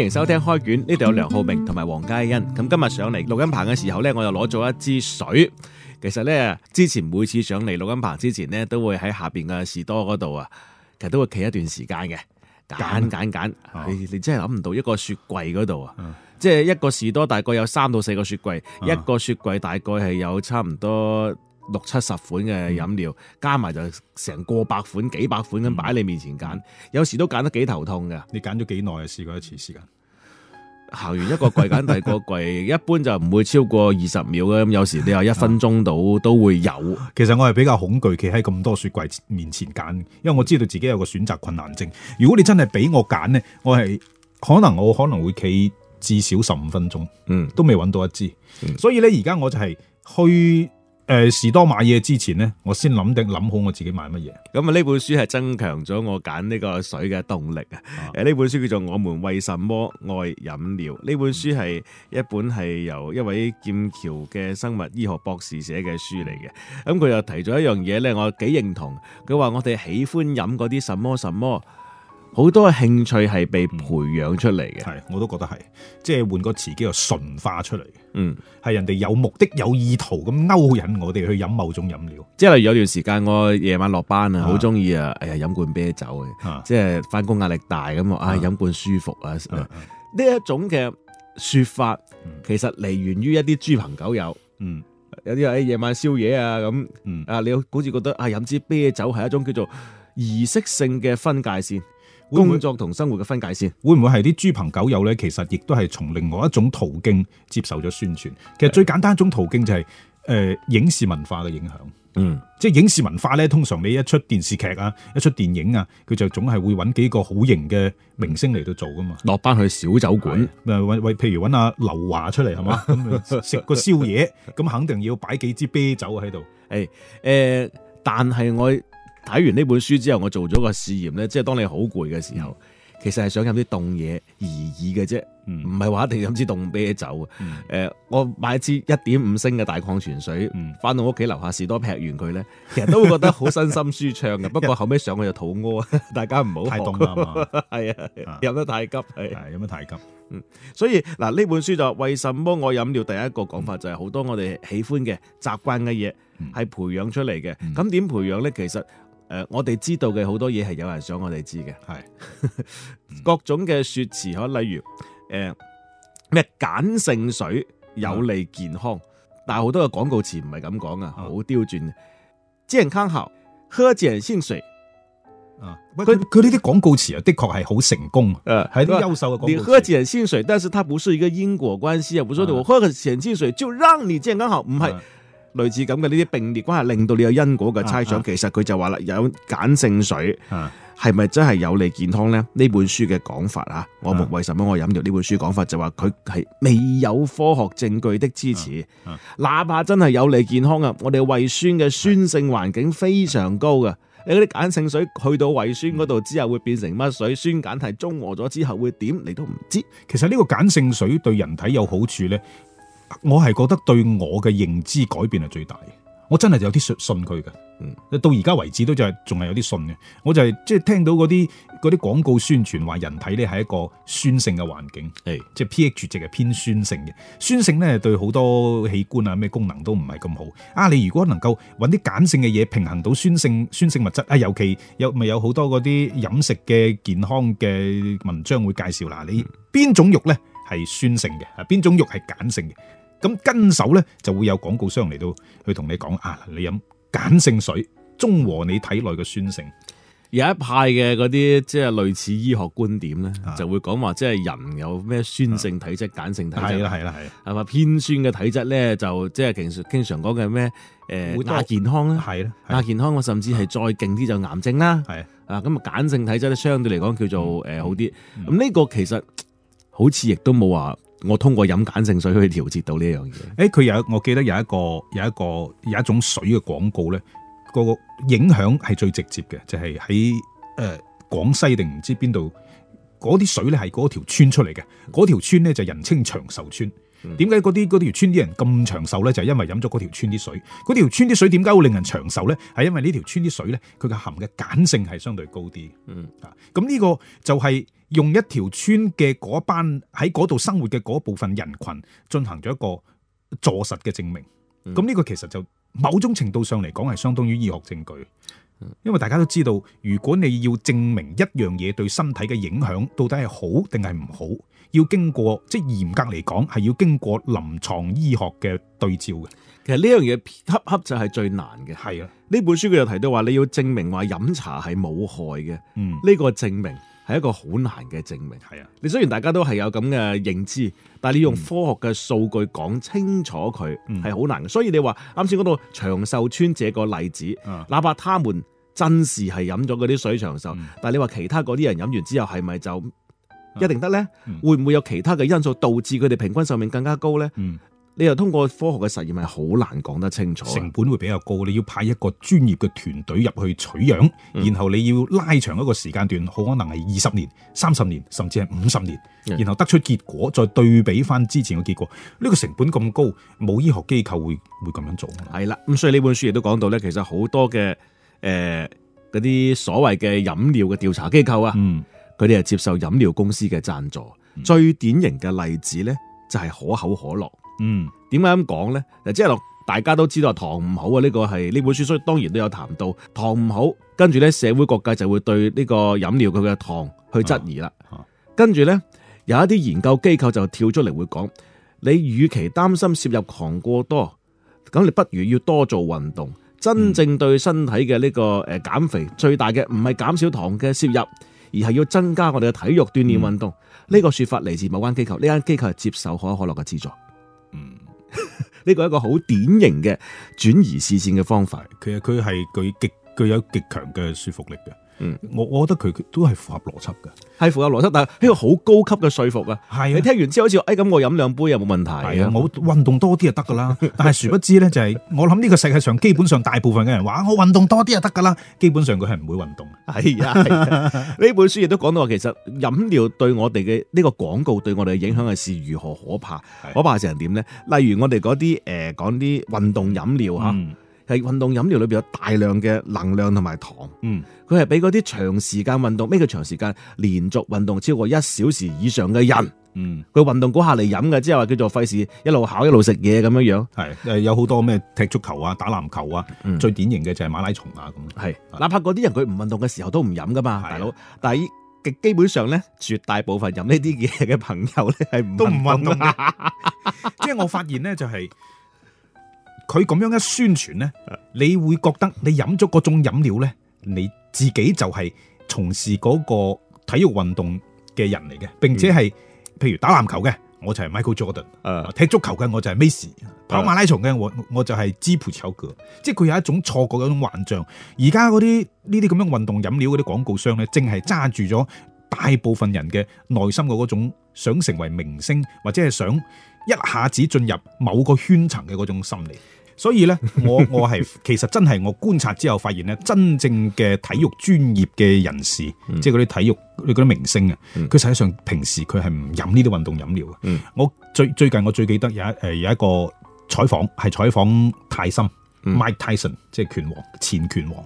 歡迎收聽開卷，呢度有梁浩明同埋黃嘉欣。咁今日上嚟錄音棚嘅時候呢，我又攞咗一支水。其實呢，之前每次上嚟錄音棚之前呢，都會喺下邊嘅士多嗰度啊，其實都會企一段時間嘅，揀揀揀。你真係諗唔到一個雪櫃嗰度啊，即係的一個士多大概有三到四個雪櫃，的一個雪櫃大概係有差唔多。六七十款嘅飲料，嗯、加埋就成過百款、幾百款咁擺喺你面前揀，嗯、有時都揀得幾頭痛嘅。你揀咗幾耐啊？試過一次時間，行完一個櫃揀第個櫃， 一般就唔會超過二十秒嘅。咁有時你有一分鐘到都會有。啊、其實我係比較恐懼，企喺咁多雪櫃面前揀，因為我知道自己有個選擇困難症。如果你真係俾我揀呢，我係可能我可能會企至少十五分鐘，嗯，都未揾到一支。嗯、所以咧，而家我就係去。誒、呃，士多買嘢之前呢，我先諗定諗好我自己買乜嘢。咁啊，呢本書係增強咗我揀呢個水嘅動力啊！誒，呢本書叫做《我們為什麼愛飲料》。呢、嗯、本書係一本係由一位劍橋嘅生物醫學博士寫嘅書嚟嘅。咁佢又提咗一樣嘢呢，我幾認同。佢話我哋喜歡飲嗰啲什麼什麼。好多興趣係被培養出嚟嘅，係我都覺得係，即係換個詞叫做馴化出嚟。嗯，係人哋有目的有意圖咁勾引我哋去飲某種飲料，即係例如有段時間我夜晚落班啊，好中意啊，哎呀飲罐啤酒嘅，即係翻工壓力大咁啊，飲罐舒服啊。呢一種嘅説法其實嚟源於一啲豬朋狗友，嗯，有啲話夜晚宵夜啊咁，啊你好似覺得啊飲支啤酒係一種叫做儀式性嘅分界線。工作同生活嘅分界線，會唔會係啲豬朋狗友咧？其實亦都係從另外一種途徑接受咗宣傳。其實最簡單一種途徑就係、是、誒、呃、影視文化嘅影響。嗯，即係影視文化咧，通常你一出電視劇啊，一出電影啊，佢就總係會揾幾個好型嘅明星嚟到做㗎嘛。落班去小酒館，譬如揾阿、啊、劉華出嚟，係嘛？ 食個宵夜，咁肯定要擺幾支啤酒喺度。誒誒、欸呃，但係我。睇完呢本書之後，我做咗個試驗咧，即係當你好攰嘅時候，其實係想飲啲凍嘢而已嘅啫，唔係話一定飲支凍啤酒啊。誒，我買支一點五升嘅大礦泉水，翻到屋企樓下士多劈完佢咧，其實都會覺得好身心舒暢嘅。不過後尾上去就肚屙，大家唔好太凍啊嘛。係啊，飲得太急係，飲得太急。嗯，所以嗱呢本書就為什麼我飲料第一個講法就係好多我哋喜歡嘅習慣嘅嘢係培養出嚟嘅。咁點培養咧？其實。誒、呃，我哋知道嘅好多嘢係有人想我哋知嘅。係、嗯、 各種嘅說辭，可例如誒咩鹼性水有利健康，嗯、但係好多嘅廣告詞唔係咁講啊，好、嗯、刁鑽。健康好，喝鹼性水啊！喂、佢佢呢啲廣告詞啊，的確係好成功啊，係啲優秀嘅廣告詞。你喝鹼性水，但是它不是一個因果關係啊，唔係我喝鹼性，性水就讓你健康好，唔係。嗯類似咁嘅呢啲並列關係，令到你有因果嘅猜想。啊啊、其實佢就話啦，有鹼性水係咪、啊、真係有利健康呢？呢、啊、本書嘅講法啊，我們為什麼愛飲料呢本書講法？就話佢係未有科學證據的支持。啊啊、哪怕真係有利健康啊，我哋胃酸嘅酸性環境非常高嘅。啊啊、你嗰啲鹼性水去到胃酸嗰度之後，會變成乜水？酸鹼係中和咗之後會點？你都唔知。其實呢個鹼性水對人體有好處呢。我係覺得對我嘅認知改變係最大嘅，我真係有啲信信佢嘅，嗯，到而家為止都就係仲係有啲信嘅。我就係即係聽到嗰啲啲廣告宣傳話，人體咧係一個酸性嘅環境，誒的，即係 pH 值係偏酸性嘅。酸性咧對好多器官啊咩功能都唔係咁好。啊，你如果能夠揾啲鹼性嘅嘢平衡到酸性酸性物質啊，尤其有咪有好多嗰啲飲食嘅健康嘅文章會介紹嗱，你邊種肉咧係酸性嘅啊，邊種肉係鹼性嘅？咁跟手咧，就會有廣告商嚟到去同你講啊，你飲鹼性水，中和你體內嘅酸性。有一派嘅嗰啲即係類似醫學觀點咧，就會講話即係人有咩酸性體質、鹼性體質。係啦，係啦，係。係咪偏酸嘅體質咧？就即係經常經常講嘅咩？誒，亞健康啦，係啦，亞健康。我甚至係再勁啲就癌症啦。係啊，咁啊鹼性體質咧，相對嚟講叫做誒好啲。咁呢個其實好似亦都冇話。我通過飲鹼性水去調節到呢樣嘢。誒、欸，佢有，我記得有一個，有一個，有一種水嘅廣告咧，個影響係最直接嘅，就係喺誒廣西定唔知邊度嗰啲水咧，係嗰條村出嚟嘅。嗰條村咧就人稱長壽村。點解嗰啲條村啲人咁長壽咧？就係、是、因為飲咗嗰條村啲水。嗰條村啲水點解會令人長壽咧？係因為呢條村啲水咧，佢嘅含嘅鹼性係相對高啲。嗯啊，咁呢個就係、是。用一條村嘅嗰班喺嗰度生活嘅嗰部分人群進行咗一個坐實嘅證明，咁呢、嗯、個其實就某種程度上嚟講係相當於醫學證據。因為大家都知道，如果你要證明一樣嘢對身體嘅影響到底係好定係唔好，要經過即係嚴格嚟講係要經過臨床醫學嘅對照嘅。其實呢樣嘢恰恰就係最難嘅，係啊。呢本書佢又提到話，你要證明話飲茶係冇害嘅，嗯，呢個證明。係一個好難嘅證明，係啊！你雖然大家都係有咁嘅認知，但係你用科學嘅數據講清楚佢係好難。所以你話啱先講到長壽村這個例子，啊、哪怕他們真係係飲咗嗰啲水長壽，嗯、但係你話其他嗰啲人飲完之後係咪就一定得呢？啊嗯、會唔會有其他嘅因素導致佢哋平均壽命更加高呢？嗯你又通過科學嘅實驗係好難講得清楚，成本會比較高。你要派一個專業嘅團隊入去取樣，嗯、然後你要拉長一個時間段，好可能係二十年、三十年，甚至係五十年，嗯、然後得出結果再對比翻之前嘅結果。呢、呢個成本咁高，冇醫學機構會會咁樣做。係啦，咁所以呢本書亦都講到咧，其實好多嘅誒嗰啲所謂嘅飲料嘅調查機構啊，佢哋係接受飲料公司嘅贊助。嗯、最典型嘅例子咧，就係可口可樂。嗯，點解咁講呢？即係大家都知道，糖唔好啊。呢、呢個係呢本書，所以當然都有談到糖唔好。跟住呢社會各界就會對呢個飲料佢嘅糖去質疑啦。跟住、啊啊、呢，有一啲研究機構就跳出嚟會講，你與其擔心攝入糖過多，咁你不如要多做運動。真正對身體嘅呢個誒減肥、嗯、最大嘅唔係減少糖嘅攝入，而係要增加我哋嘅體育鍛煉運動。呢、嗯嗯、個說法嚟自某間機構，呢間機構係接受可口可樂嘅資助。呢個係一個好典型嘅轉移視線嘅方法，其實佢係具極，具有極強嘅說服力嘅。嗯，我我覺得佢都係符合邏輯嘅，係符合邏輯，但係呢個好高級嘅說服啊，係你聽完之後好似，誒、哎、咁我飲兩杯有冇問題？啊，係啊，我運動多啲就得噶啦。但係殊不知咧、就是，就係我諗呢個世界上基本上大部分嘅人話我運動多啲就得噶啦，基本上佢係唔會運動。係啊，呢、啊啊、本書亦都講到話，其實飲料對我哋嘅呢個廣告對我哋嘅影響係是如何可怕，啊、可怕成點咧？例如我哋嗰啲誒講啲運動飲料吓。嗯係運動飲料裏邊有大量嘅能量同埋糖，嗯，佢係俾嗰啲長時間運動，咩叫長時間？連續運動超過一小時以上嘅人，嗯，佢運動嗰下嚟飲嘅，即係話叫做費事一路跑一路食嘢咁樣樣，係有好多咩踢足球啊、打籃球啊，嗯、最典型嘅就係馬拉松啊咁，係是，哪怕嗰啲人佢唔運動嘅時候都唔飲噶嘛，大佬，啊、但係極基本上咧，絕大部分飲呢啲嘢嘅朋友咧係都唔運動即係 我發現咧就係、是。佢咁樣嘅宣傳咧，你會覺得你飲咗嗰種飲料咧，你自己就係從事嗰個體育運動嘅人嚟嘅，並且係譬如打籃球嘅，我就係 Michael Jordan；踢足球嘅我就係 Messi；跑馬拉松嘅我我就係基普喬格。即係佢有一種錯覺、一種幻象。而家嗰啲呢啲咁樣運動飲料嗰啲廣告商咧，淨係揸住咗大部分人嘅內心嘅嗰種想成為明星或者係想一下子進入某個圈層嘅嗰種心理。所以咧，我我係其實真係我觀察之後發現咧，真正嘅體育專業嘅人士，嗯、即係嗰啲體育嗰啲明星啊，佢、嗯、實際上平時佢係唔飲呢啲運動飲料嘅。嗯、我最最近我最記得有一誒有一個採訪，係採訪泰森、嗯、，Mike Tyson，即係拳王前拳王，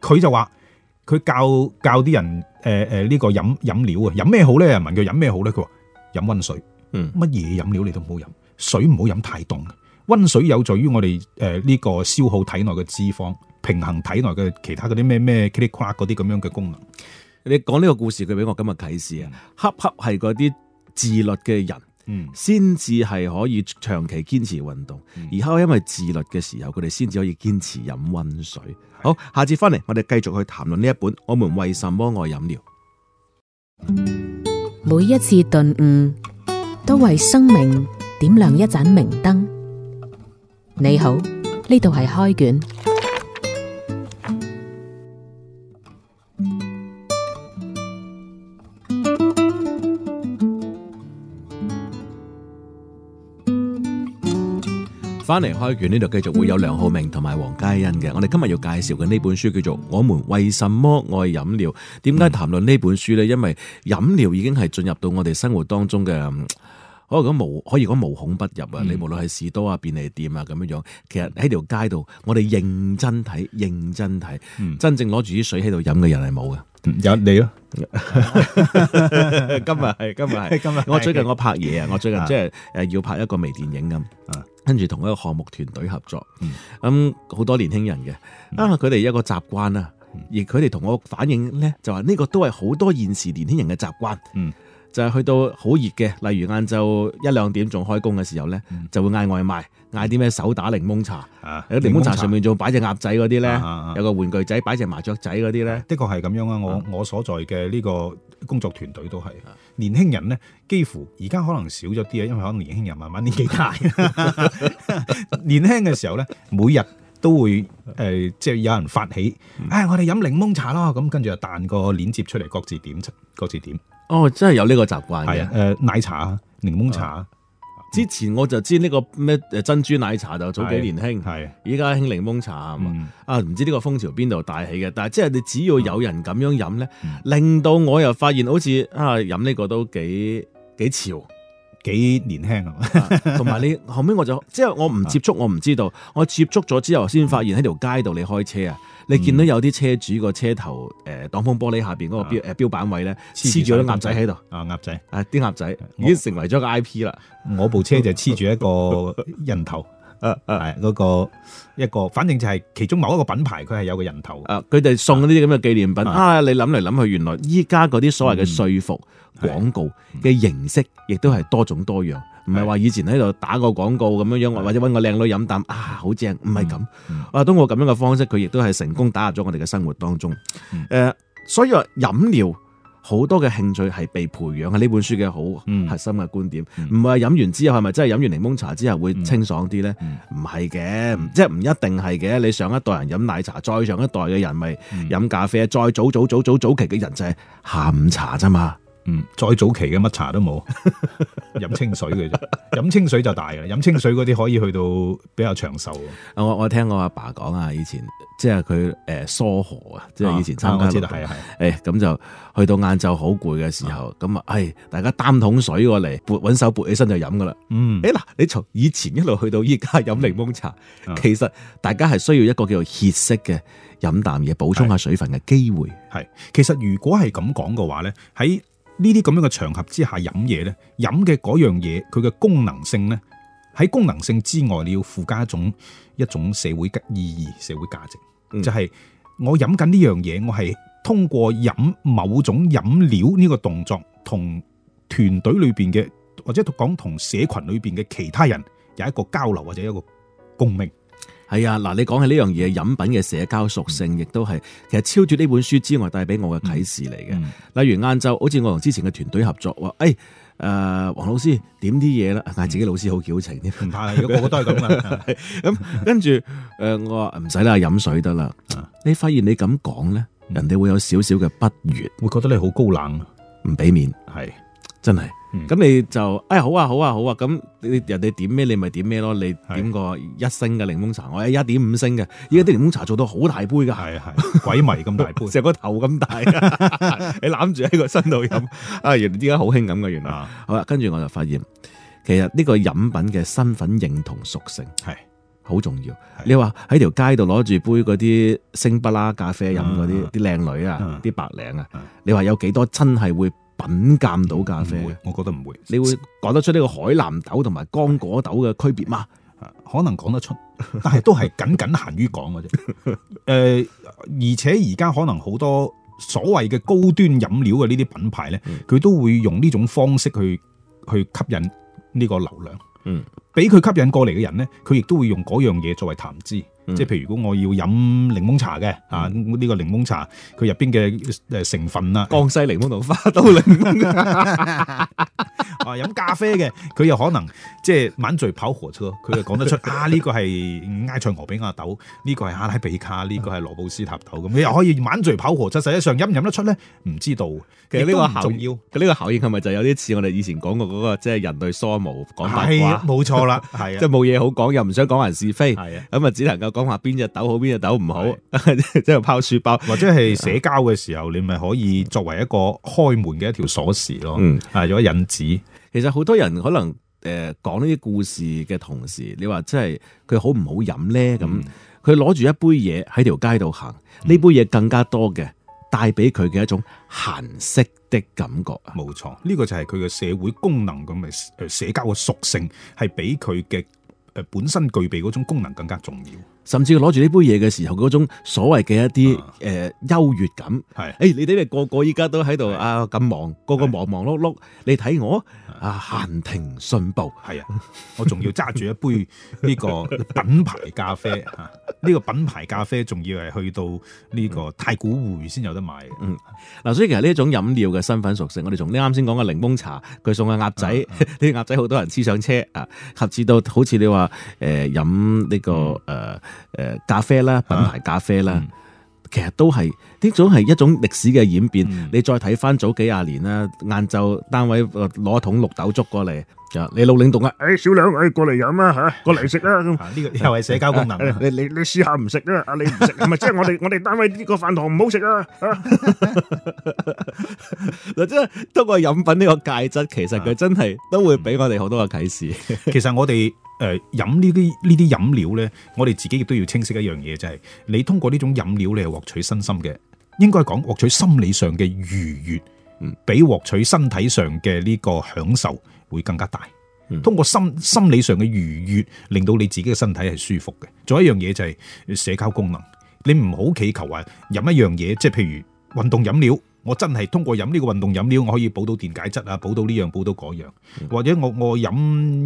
佢就話佢教教啲人誒誒、呃呃這個、呢個飲飲料啊，飲咩好咧？問佢飲咩好咧？佢話飲温水，嗯、乜嘢飲料你都唔好飲，水唔好飲太凍。溫水有助於我哋誒呢個消耗體內嘅脂肪，平衡體內嘅其他嗰啲咩咩嗰啲咁樣嘅功能。你講呢個故事，佢俾我今日啟示啊。嗯、恰恰係嗰啲自律嘅人，先至係可以長期堅持運動，嗯、而後因為自律嘅時候，佢哋先至可以堅持飲溫水。嗯、好，下節翻嚟，我哋繼續去談論呢一本《我們為什麼愛飲料》。每一次頓悟，都為生命點亮一盞明燈。嗯嗯你好，呢度係開卷。翻嚟開卷呢度繼續會有梁浩明同埋黃佳欣嘅。我哋今日要介紹嘅呢本書叫做《我們為什麼愛飲料》。點解談論呢本書呢？因為飲料已經係進入到我哋生活當中嘅。可以講無，可以講無孔不入啊！嗯、你無論係士多啊、便利店啊咁樣樣，其實喺條街度，我哋認真睇、認真睇，嗯、真正攞住啲水喺度飲嘅人係冇嘅。有、嗯嗯、你咯、啊， 今日係今日係今日。我最近我拍嘢啊，的我最近即係誒要拍一個微電影咁，的跟住同一個項目團隊合作，咁好、嗯嗯、多年輕人嘅啊，佢哋、嗯、一個習慣啊，而佢哋同我反映咧，就話呢個都係好多現時年輕人嘅習慣。嗯就係去到好熱嘅，例如晏晝一兩點仲開工嘅時候咧，就會嗌外賣，嗌啲咩手打檸檬茶，喺檸檬茶上面仲擺隻鴨仔嗰啲咧，有個玩具仔擺隻麻雀仔嗰啲咧，的確係咁樣啊！我我所在嘅呢個工作團隊都係年輕人呢，幾乎而家可能少咗啲啊，因為可能年輕人慢慢年紀大，年輕嘅時候咧，每日都會誒，即係有人發起，唉，我哋飲檸檬茶咯，咁跟住就彈個鏈接出嚟，各自點，各自點。哦，真係有呢個習慣嘅，誒、呃，奶茶，檸檬茶啊，檸檬茶之前我就知呢個咩珍珠奶茶就早幾年興，係，依家興檸檬茶，嗯、啊，唔知呢個風潮邊度帶起嘅？但係即係你只要有人咁樣飲呢，嗯、令到我又發現好似啊飲呢個都幾幾潮。幾年輕啊，啊！同埋你 後屘我就，之後我唔接觸，我唔知道。啊、我接觸咗之後，先發現喺條街度你開車啊，嗯、你見到有啲車主個車頭誒、呃、擋風玻璃下邊嗰個標誒標板位咧，黐住咗鴨仔喺度。啊，鴨仔啊，啲鴨仔已經成為咗個 I P 啦。我部車就黐住一個人頭。 誒誒，啊啊嗰個一個，反正就係其中某一個品牌，佢係有個人頭。誒、啊，佢哋送嗰啲咁嘅紀念品的啊，你諗嚟諗去，原來依家嗰啲所謂嘅說服廣、嗯、告嘅形式，亦都係多種多樣，唔係話以前喺度打個廣告咁樣樣，或者搵個靚女飲啖的啊，好正，唔係咁。嗯、啊，通過咁樣嘅方式，佢亦都係成功打入咗我哋嘅生活當中。誒、嗯嗯，所以話飲料。好多嘅興趣係被培養嘅，呢本書嘅好核心嘅觀點，唔係飲完之後係咪真係飲完檸檬茶之後會清爽啲呢？唔係嘅，即係唔一定係嘅。你上一代人飲奶茶，再上一代嘅人咪飲咖啡、嗯、再早早早早早、早期嘅人就係下午茶啫嘛。嗯，再早期嘅乜茶都冇，飲 清水嘅啫，飲清水就大噶啦，飲清水嗰啲可以去到比較長壽。我我聽我阿爸講啊，以前即係佢誒疏河啊，即係以前參加係啊係，誒咁就去到晏晝好攰嘅時候，咁啊，係大家擔桶水過嚟揾手撥起身就飲噶啦。哎、是嗯，誒嗱、嗯，你從以前一路去到依家飲檸檬茶，其實大家係需要一個叫做歇息嘅飲啖嘢補充下水分嘅機會。係，其實如果係咁講嘅話咧，喺呢啲咁樣嘅場合之下飲嘢呢，飲嘅嗰樣嘢佢嘅功能性呢，喺功能性之外，你要附加一種一種社會嘅意義、社會價值，嗯、就係我飲緊呢樣嘢，我係通過飲某種飲料呢個動作，同團隊裏邊嘅或者講同社群裏邊嘅其他人有一個交流或者一個共鳴。係啊，嗱、哎，你講起呢樣嘢，飲品嘅社交屬性亦都係，其實超住呢本書之外帶俾我嘅啟示嚟嘅。例如晏晝，好似我同之前嘅團隊合作，話，誒、哎，誒、呃，黃老師點啲嘢啦，嗌自己老師好矯情啲，唔怕、嗯，嗯、如果都係咁嘅，咁、嗯嗯嗯、跟住，誒、嗯，我話唔使啦，飲水得啦。啊、你發現你咁講咧，人哋會有少少嘅不悅，會覺得你好高冷、啊，唔俾面，係，真係。咁你就，哎，好啊，好啊，好啊，咁你人哋點咩，你咪點咩咯。你點個一升嘅檸檬茶，我誒一點五升嘅。依家啲檸檬茶做到好大杯噶，係啊，鬼迷咁大杯，成個頭咁大，你攬住喺個身度飲。啊，原來依家好興咁嘅，原來。好啦，跟住我就發現，其實呢個飲品嘅身份認同屬性係好重要。你話喺條街度攞住杯嗰啲星巴拉咖啡飲嗰啲啲靚女啊，啲白領啊，你話有幾多真係會品鑒到咖啡，我覺得唔會。你會講得出呢個海南豆同埋剛果豆嘅區別嗎？可能講得出，但係都係僅僅限於講嘅啫。誒、呃，而且而家可能好多所謂嘅高端飲料嘅呢啲品牌呢，佢都會用呢種方式去去吸引呢個流量。嗯，俾佢吸引過嚟嘅人呢，佢亦都會用嗰樣嘢作為談資。即係譬如如果我要飲檸檬茶嘅，嗯、啊，呢、這個檸檬茶佢入邊嘅誒成分啊，江西檸檬同花都檸檬。 啊，飲咖啡嘅佢又可能即係滿嘴跑火車，佢就講得出 啊！呢、這個係埃塞俄比亞豆，呢、這個係阿拉比卡，呢、這個係羅布斯塔豆咁，你又可以滿嘴跑火車，實際上飲唔飲得出咧？唔知道。其實呢個效應，佢呢個效應係咪就有啲似我哋以前過、那個、講過嗰個即係人類梳毛講八卦，冇錯啦，係啊，即係冇嘢好講，又唔想講人是非，係咁啊，只能夠講下邊隻豆好，邊隻豆唔好，即係的 拋書包或者係社交嘅時候，你咪可以作為一個開門嘅一條鎖匙咯，啊、嗯，做引子。其實好多人可能誒、呃、講呢啲故事嘅同時，你話真係佢好唔好飲咧？咁佢攞住一杯嘢喺條街度行，呢、嗯、杯嘢更加多嘅帶俾佢嘅一種閒適的感覺啊！冇錯，呢、這個就係佢嘅社會功能咁嘅社交嘅屬性，係比佢嘅誒本身具備嗰種功能更加重要。甚至佢攞住呢杯嘢嘅時候，嗰種所謂嘅一啲誒、啊呃、優越感。係的，誒、欸、你哋個個依家都喺度的啊咁忙，個個忙忙碌碌。你睇我的啊，閒庭信步，係啊的， 我仲要揸住一杯呢個品牌咖啡嚇。呢個品牌咖啡仲要係去到呢個太古匯先有得買嘅。嗯，嗱、嗯，所以其實呢一種飲料嘅身份屬性，我哋從啱先講嘅檸檬茶，佢送嘅鴨仔，呢個、啊啊、 鴨仔好多人黐上車啊，甚至到好似你話誒、呃、飲呢、呢個誒誒、嗯呃、咖啡啦，品牌咖啡啦。啊嗯其實都係呢種係一種歷史嘅演變。嗯、你再睇翻早幾廿年啦，晏晝單位攞桶綠豆粥過嚟，就你老領導啊，誒、欸、小兩位，過嚟飲啊吓，過嚟食啦咁。呢個又係社交功能。你你你試下唔食啦，你唔食，係咪即係我哋我哋單位呢個飯堂唔好食啊？嗱、啊，即係 通過飲品呢個介質，其實佢真係都會俾我哋好多嘅啟示、嗯。其實我哋。誒，呃、飲飲呢啲呢啲飲料呢，我哋自己亦都要清晰一樣嘢，就係、是、你通過呢種飲料，你係獲取身心嘅，應該講獲取心理上嘅愉悅，比獲取身體上嘅呢個享受會更加大。嗯、通過心心理上嘅愉悅，令到你自己嘅身體係舒服嘅。仲有一樣嘢就係社交功能，你唔好祈求話飲一樣嘢，即係譬如運動飲料。我真係通過飲呢個運動飲料，我可以補到電解質啊，補到呢樣，補到嗰樣，或者我我飲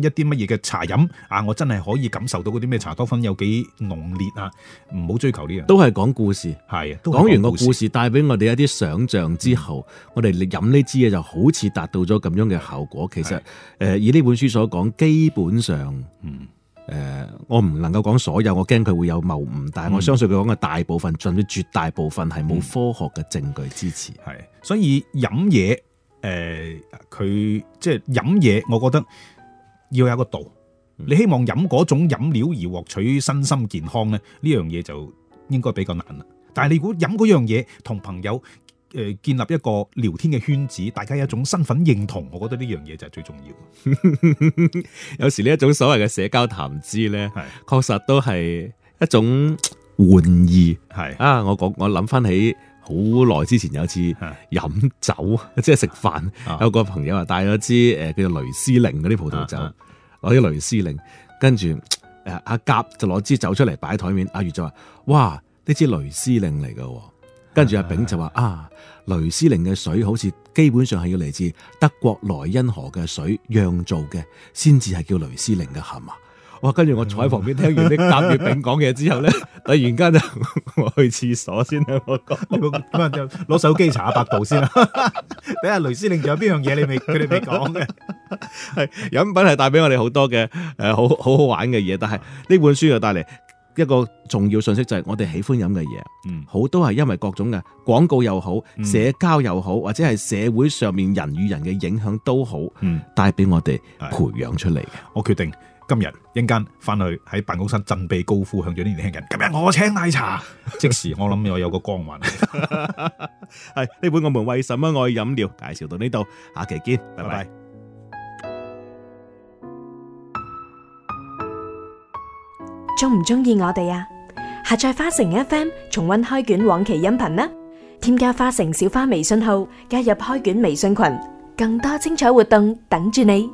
一啲乜嘢嘅茶飲啊，我真係可以感受到嗰啲咩茶多酚有幾濃烈啊，唔好追求呢樣，都係講故事，係講完個故事，帶俾我哋一啲想象之後，嗯，我哋嚟飲呢支嘢就好似達到咗咁樣嘅效果。其實，誒，以呢本書所講，基本上。嗯誒、呃，我唔能夠講所有，我驚佢會有謬誤，但係我相信佢講嘅大部分，甚至、嗯、絕大部分係冇科學嘅證據支持。係，所以飲嘢，誒、呃，佢即係飲嘢，我覺得要有一個度。嗯、你希望飲嗰種飲料而獲取身心健康咧，呢樣嘢就應該比較難啦。但係你估飲嗰樣嘢同朋友？誒，建立一個聊天嘅圈子，大家有一種身份認同，我覺得呢樣嘢就係最重要。 有時呢一種所謂嘅社交談資咧，係確是實都係一種玩意。係是啊，我講我諗翻起好耐之前有次飲酒，是即係食飯，是有個朋友啊帶咗支誒叫做雷司令嗰啲葡萄酒，攞啲是雷司令，跟住誒阿甲就攞支酒出嚟擺喺台面，阿、啊、乙就話，哇，呢支雷司令嚟嘅。跟住阿炳就話啊，雷司令嘅水好似基本上係要嚟自德國萊茵河嘅水釀造嘅，先至係叫雷司令嘅，係嘛？我跟住我坐喺旁邊聽完啲甲乙丙講嘢之後咧，突然間就我，我去廁所先，我我咁就攞手機查下百度先啦，睇下雷司令仲有邊樣嘢你未佢哋未講嘅。係飲品係帶俾我哋好多嘅誒，好好好玩嘅嘢，但係呢本書就帶嚟。一個重要信息就係我哋喜歡飲嘅嘢，好、嗯、多係因為各種嘅廣告又好，嗯、社交又好，或者係社會上面人與人嘅影響都好，帶俾、嗯、我哋培養出嚟嘅。我決定今日一間返去喺辦公室振臂高呼，向住啲年輕人，今日我請奶茶。即時我諗我有個光環。 係呢本《我們為什麼愛飲料》介紹到呢度，下期見，拜拜。拜拜鍾唔鍾意我哋啊？下載花城 FM 重溫開卷往期音頻啦！添加花城小花微信號，加入開卷微信群，更多精彩活動等住你。